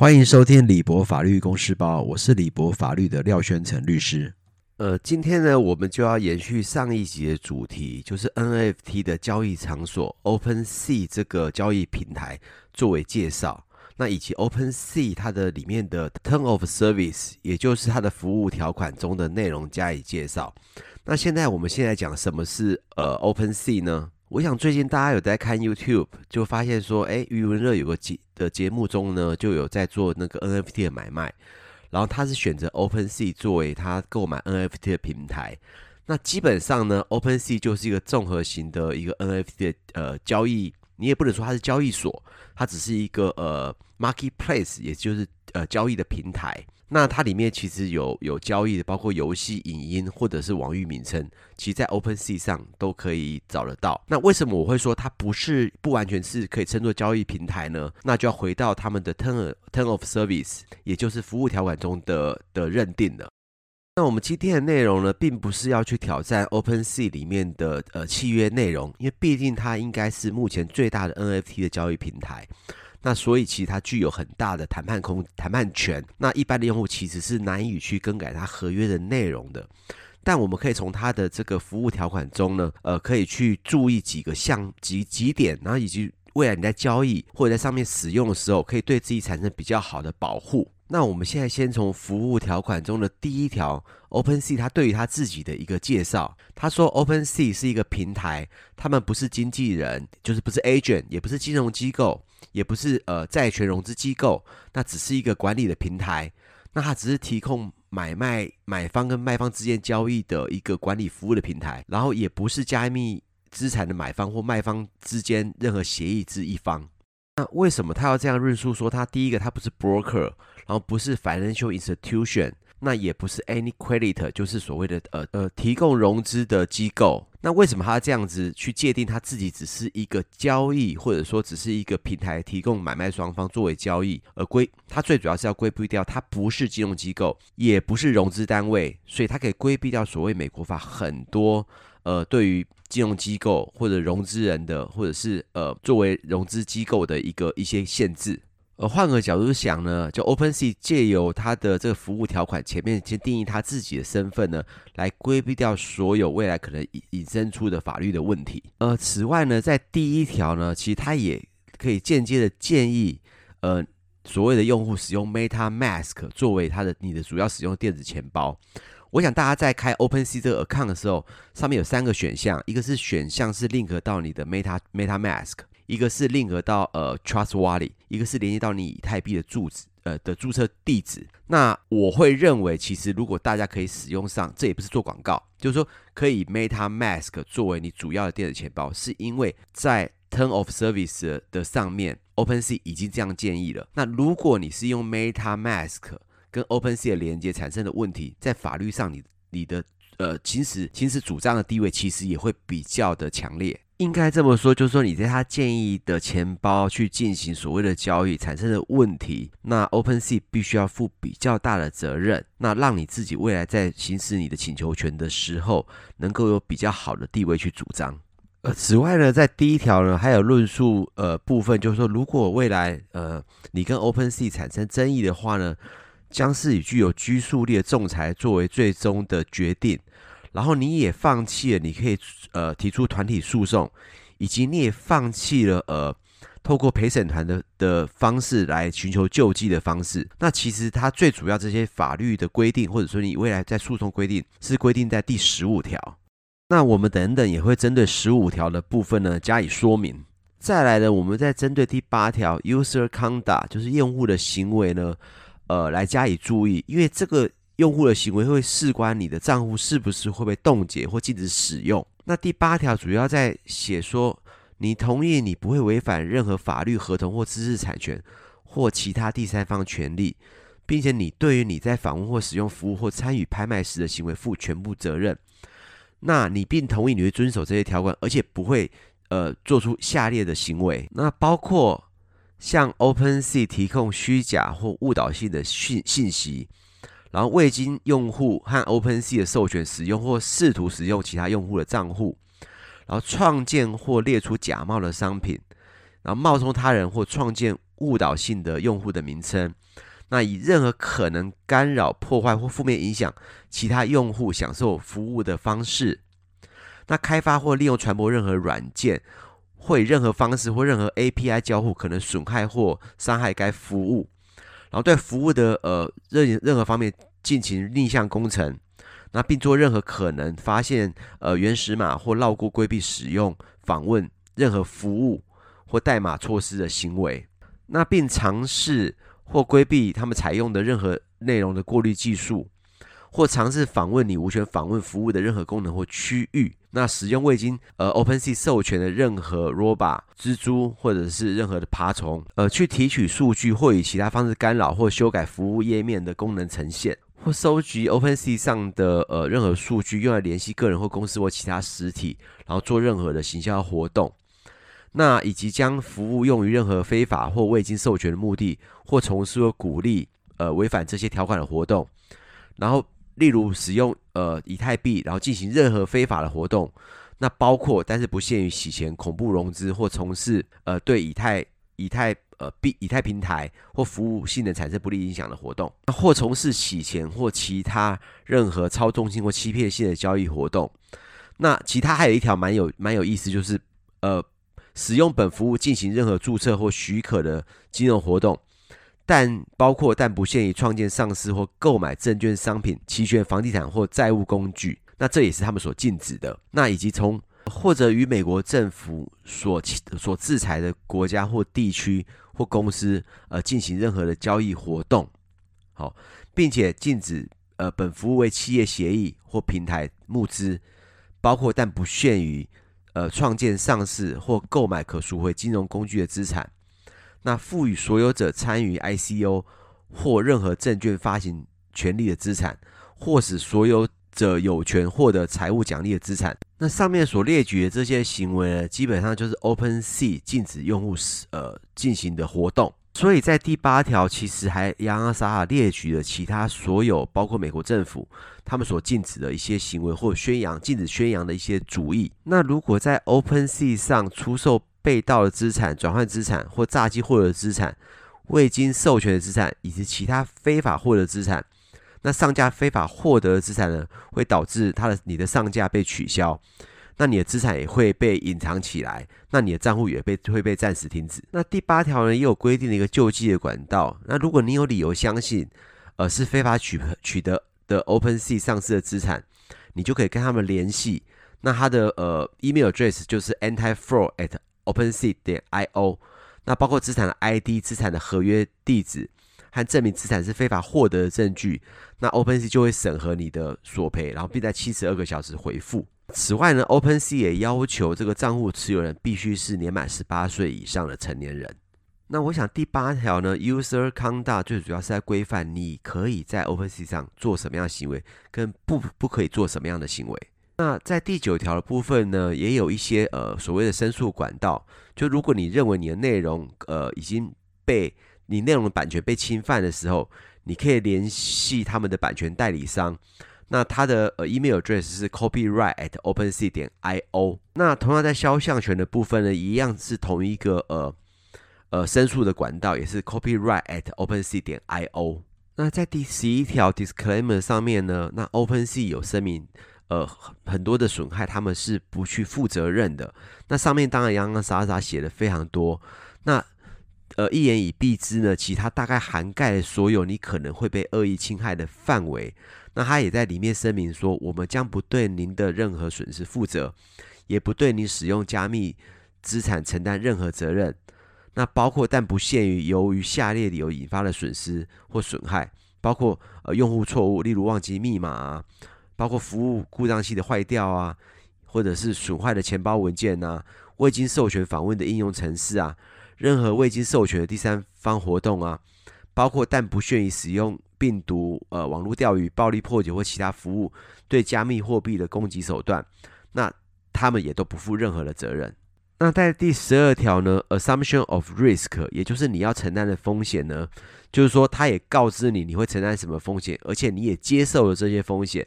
歡迎收聽李博法律公事包，我是李博法律的廖宣成律師。呃，今天呢，我們就要延續上一集的主題，就是 NFT 的交易場所 OpenSea 這個交易平台作為介紹，那以及 OpenSea 它的裡面的 Terms of Service，也就是它的服務條款中的內容加以介紹。那現在我們現在講什麼是呃 OpenSea 呢？我想最近大家有在看 YouTube，就發現說，誒，余文樂有個節的節目中呢，就有在做那個 NFT 的買賣，然後他是選擇 OpenSea 作為他購買 NFT 的平台。那基本上呢，OpenSea 就是一個綜合型的一個 NFT 的呃交易。你也不能說它是交易所，它只是一個呃 marketplace，也就是呃交易的平台。那它裡面其實有有交易的，包括遊戲、影音或者是網域名稱，其實在 OpenSea 上都可以找得到。那為什麼我會說它不是不完全是可以稱作交易平台呢？那就要回到他們的 term term of service，也就是服務條款中的的認定了。那我們今天的內容呢，並不是要去挑戰 OpenSea 裡面的呃契約內容，因為畢竟它應該是目前最大的 NFT 的交易平台，那所以其實它具有很大的談判空談判權。那一般的用戶其實是難以去更改它合約的內容的，但我們可以從它的這個服務條款中呢，呃，可以去注意幾個項、幾幾點，然後以及。未來你在交易或者在上面使用的時候，可以對自己產生比較好的保護。那我們現在先從服務條款中的第一條，OpenSea 它對於它自己的一個介紹，它說 OpenSea 是一個平台，他們不是經紀人，就是不是 agent，也不是金融機構，也不是呃債權融資機構，那只是一個管理的平台，那它只是提供買賣買方跟賣方之間交易的一個管理服務的平台，然後也不是加密。資產的買方或賣方之間任何協議之一方，那為什麼他要這樣論述？說他第一個，他不是 broker，然後不是 financial institution，那也不是 any credit，就是所謂的呃呃提供融資的機構。那為什麼他這樣子去界定他自己只是一個交易，或者說只是一個平台提供買賣雙方作為交易而歸，他最主要是要規避掉他不是金融機構，也不是融資單位，所以他可以規避掉所謂美國法很多。呃，對於金融機構或者融資人的，或者是呃作為融資機構的一個一些限制。而，換個角度想呢，就 OpenSea 借由它的這個服務條款前面先定義他自己的身份呢，來規避掉所有未來可能引引申出的法律的問題。呃，此外呢，在第一條呢，其實它也可以間接的建議，呃，所謂的用戶使用 MetaMask 作為他的你的主要使用電子錢包。我想大家在開 OpenSea 這個 account 的時候，上面有三個選項，一個是選項是 link 到你的 Meta MetaMask，一個是 link 到呃 Trust Wallet，一個是連接到你以太幣的住址呃的注冊地址。那我會認為，其實如果大家可以使用上，這也不是做廣告，就是說可以 MetaMask 作為你主要的電子錢包，是因為在 Turn of Service 的上面，OpenSea 已經這樣建議了。那如果你是用 MetaMask，跟 OpenSea 的連接產生的問題，在法律上你，你你的呃，行使行使主張的地位，其實也會比較的強烈。應該這麼說，就是說，你在他建議的錢包去進行所謂的交易產生的問題，那 OpenSea 必須要負比較大的責任，那讓你自己未來在行使你的請求權的時候，能夠有比較好的地位去主張。呃，此外呢，在第一條呢，還有論述呃部分，就是說，如果未來呃你跟 OpenSea 產生爭議的話呢，將是以具有拘束力的仲裁作為最終的決定，然後你也放棄了，你可以呃提出團體訴訟，以及你也放棄了呃透過陪審團的的方式來尋求救濟的方式。那其實它最主要這些法律的規定，或者說你未來在訴訟規定是規定在第十五條。那我們等等也會針對十五條的部分呢加以說明。再來呢，我們再針對第八條 user conduct 就是用戶的行為呢，呃，來加以注意，因為這個用戶的行為會事關你的賬戶是不是會被凍結或禁止使用。那第八條主要在寫說，你同意你不會違反任何法律、合同或知識產權或其他第三方權利，並且你對於你在訪問或使用服務或參與拍賣時的行為負全部責任。那你並同意你會遵守這些條款，而且不會呃做出下列的行為。那包括。向 OpenSea 提供虛假或誤導性的信信息，然後未經用戶和 OpenSea 的授權使用或試圖使用其他用戶的賬戶，然後創建或列出假冒的商品，然後冒充他人或創建誤導性的用戶的名稱，那以任何可能干擾、破壞或負面影響其他用戶享受服務的方式，那開發或利用傳播任何軟件。會以任何方式或任何 API 交互，可能損害或傷害該服務，然後對服務的呃任任何方面進行逆向工程，那並做任何可能發現呃原始碼或繞過規避使用訪問任何服務或代碼措施的行為，那並嘗試或規避他們採用的任何內容的過濾技術。或嘗試訪問你無權訪問服務的任何功能或區域。那使用未經呃 OpenSea 授權的任何 Robot 蜘蛛、或者是任何的爬蟲，呃，去提取數據或以其他方式干擾或修改服務頁面的功能呈現，或收集 OpenSea 上的呃任何數據用來聯繫個人或公司或其他實體，然後做任何的行銷活動。那以及將服務用於任何非法或未經授權的目的，或從事或鼓勵呃違反這些條款的活動，然後。例如使用呃以太幣，然後進行任何非法的活動，那包括但是不限於洗錢、恐怖融資或從事呃對以太以太呃幣以太平台或服務性能產生不利影響的活動，或從事洗錢或其他任何操縱性或欺騙性的交易活動。那其他還有一條蠻有蠻有意思，就是呃使用本服務進行任何注冊或許可的金融活動。但包括但不限於創建、上市或購買證券、商品、期權、房地產或債務工具，那這也是他們所禁止的。那以及從或者與美國政府所所制裁的國家或地區或公司呃進行任何的交易活動，好，並且禁止呃本服務為企業協議或平台募資，包括但不限於呃創建、上市或購買可贖回金融工具的資產。那賦予所有者參與 ICO 或任何證券發行權利的資產，或使所有者有權獲得財務獎勵的資產。那上面所列舉的這些行為呢，基本上就是 OpenSea 禁止用戶使呃進行的活動。所以在第八條，其實還洋洋灑灑列舉了其他所有包括美國政府他們所禁止的一些行為或宣揚禁止宣揚的一些主義。那如果在 OpenSea 上出售，被盜的資產、轉換資產或詐欺獲得的資產、未經授權的資產以及其他非法獲得資產，那上架非法獲得的資產呢，會導致他的你的上架被取消，那你的資產也會被隱藏起來，那你的賬戶也被會被暫時停止。那第八條呢，也有規定的一個救濟的管道。那如果你有理由相信，呃，是非法取取得的 OpenSea 上市的資產，你就可以跟他們聯繫。那他的呃 email address 就是 anti fraud at OpenSea 點 IO，那包括資產的 ID、資產的合約地址和證明資產是非法獲得的證據，那 OpenSea 就會審核你的索賠，然後並在七十二個小時回復。此外呢，OpenSea 也要求這個賬戶持有人必須是年滿十八歲以上的成年人。那我想第八條呢，User Conduct 最主要是在規範你可以在 OpenSea 上做什麼樣的行為，跟不不可以做什麼樣的行為。那在第九條的部分呢，也有一些呃所謂的申訴管道，就如果你認為你的內容呃已經被你內容的版權被侵犯的時候，你可以聯繫他們的版權代理商。那他的呃 email address 是 copyright at OpenSea 點 io。那同樣在肖像權的部分呢，一樣是同一個呃呃申訴的管道，也是 copyright at OpenSea 點 io。那在第十一條 disclaimer 上面呢，那 OpenSea 有聲明。呃，很多的損害，他們是不去負責任的。那上面當然洋洋灑灑寫的非常多。那呃，一言以蔽之呢，其他大概涵蓋了所有你可能會被惡意侵害的範圍。那他也在裡面聲明說，我們將不對您的任何損失負責，也不對你使用加密資產承擔任何責任。那包括但不限於由於下列理由引發的損失或損害，包括呃用戶錯誤，例如忘記密碼啊。包括服務故障器的壞掉啊，或者是損壞的錢包文件吶、啊，未經授權訪問的應用程式啊，任何未經授權的第三方活動啊，包括但不限於使用病毒、呃網絡釣魚、暴力破解或其他服務對加密貨幣的攻擊手段，那他們也都不負任何的責任。那在第十二條呢，Assumption of Risk，也就是你要承擔的風險呢，就是說他也告知你，你會承擔什麼風險，而且你也接受了這些風險。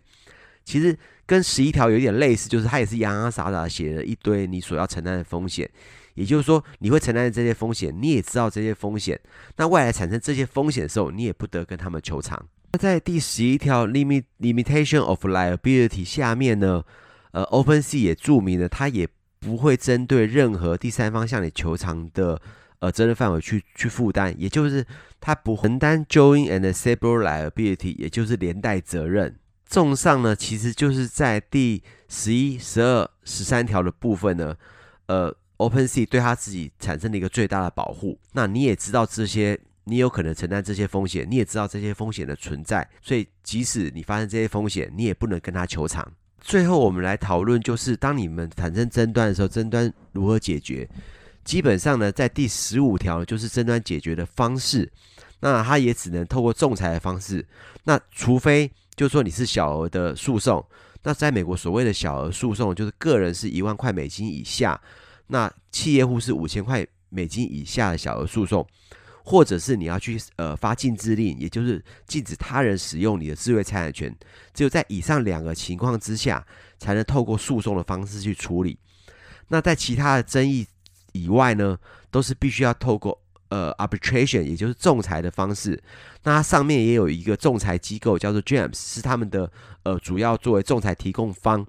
其實跟十一條有點類似，就是它也是洋洋灑灑寫了一堆你所要承擔的風險，也就是說你會承擔這些風險，你也知道這些風險，那未來產生這些風險的時候，你也不得跟他們求償。那在第十一條 limit limitation of liability 下面呢，呃，OpenSea 也注明了，它也不會針對任何第三方向你求償的呃責任範圍去去負擔，也就是它不承擔 joint and several liability，也就是連帶責任。綜上呢，其實就是在第十一、十二、十三條的部分呢，呃，OpenSea 對他自己產生了一個最大的保護。那你也知道這些，你有可能承擔這些風險，你也知道這些風險的存在，所以即使你發生這些風險，你也不能跟他求償。最後，我們來討論就是當你們產生爭端的時候，爭端如何解決？基本上呢，在第十五條就是爭端解決的方式。那他也只能透過仲裁的方式。那除非就說你是小額的訴訟，那在美國所謂的小額訴訟，就是個人是一萬塊美金以下，那企業戶是五千塊美金以下的小額訴訟，或者是你要去呃發禁制令，也就是禁止他人使用你的智慧財產權，只有在以上兩個情況之下，才能透過訴訟的方式去處理。那在其他的爭議以外呢，都是必須要透過。呃，arbitration 也就是仲裁的方式，那它上面也有一個仲裁機構叫做 JAMS，是他們的呃主要作為仲裁提供方。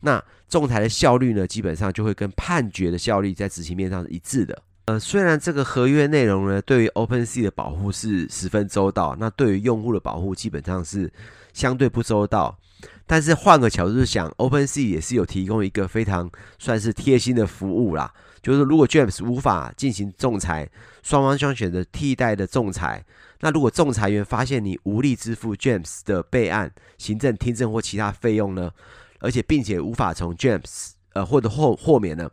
那仲裁的效率呢，基本上就會跟判決的效率在執行面上是一致的。呃，雖然這個合約內容呢，對於 OpenSea 的保護是十分周到，那對於用戶的保護基本上是相對不周到。但是換個角度想，OpenSea 也是有提供一個非常算是貼心的服務啦。就是如果 JAMS 無法進行仲裁，雙方將選擇替代的仲裁。那如果仲裁員發現你無力支付 JAMS 的備案、行政聽證或其他費用呢？而且並且無法從 JAMS 呃或者豁豁免呢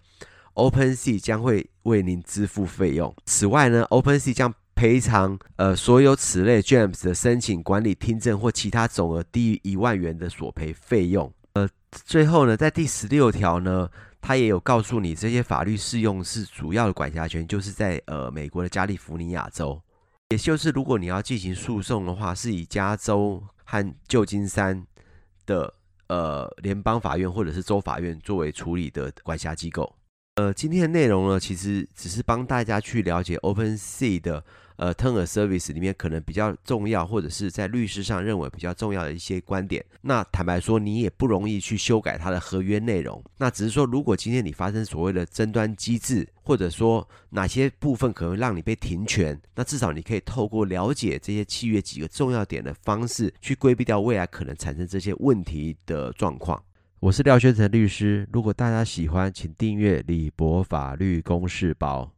？OpenSea 將會為您支付費用。此外呢，OpenSea 將賠償呃所有此類 JAMS 的申請管理聽證或其他總額低於一萬元的索賠費用。呃，最後呢，在第十六條呢。他也有告訴你，這些法律適用是主要的管轄權，就是在呃美國的加利福尼亞州，也就是如果你要進行訴訟的話，是以加州和舊金山的呃聯邦法院或者是州法院作為處理的管轄機構。呃，今天的內容呢，其實只是幫大家去了解 OpenSea 的。呃 term of service 裡面可能比較重要，或者是在律師上認為比較重要的一些觀點。那坦白說，你也不容易去修改它的合約內容。那只是說，如果今天你發生所謂的爭端機制，或者說哪些部分可能讓你被停權，那至少你可以透過了解這些契約幾個重要點的方式，去規避掉未來可能產生這些問題的狀況。我是廖宣成律師，如果大家喜歡，請訂閱李博法律公示包。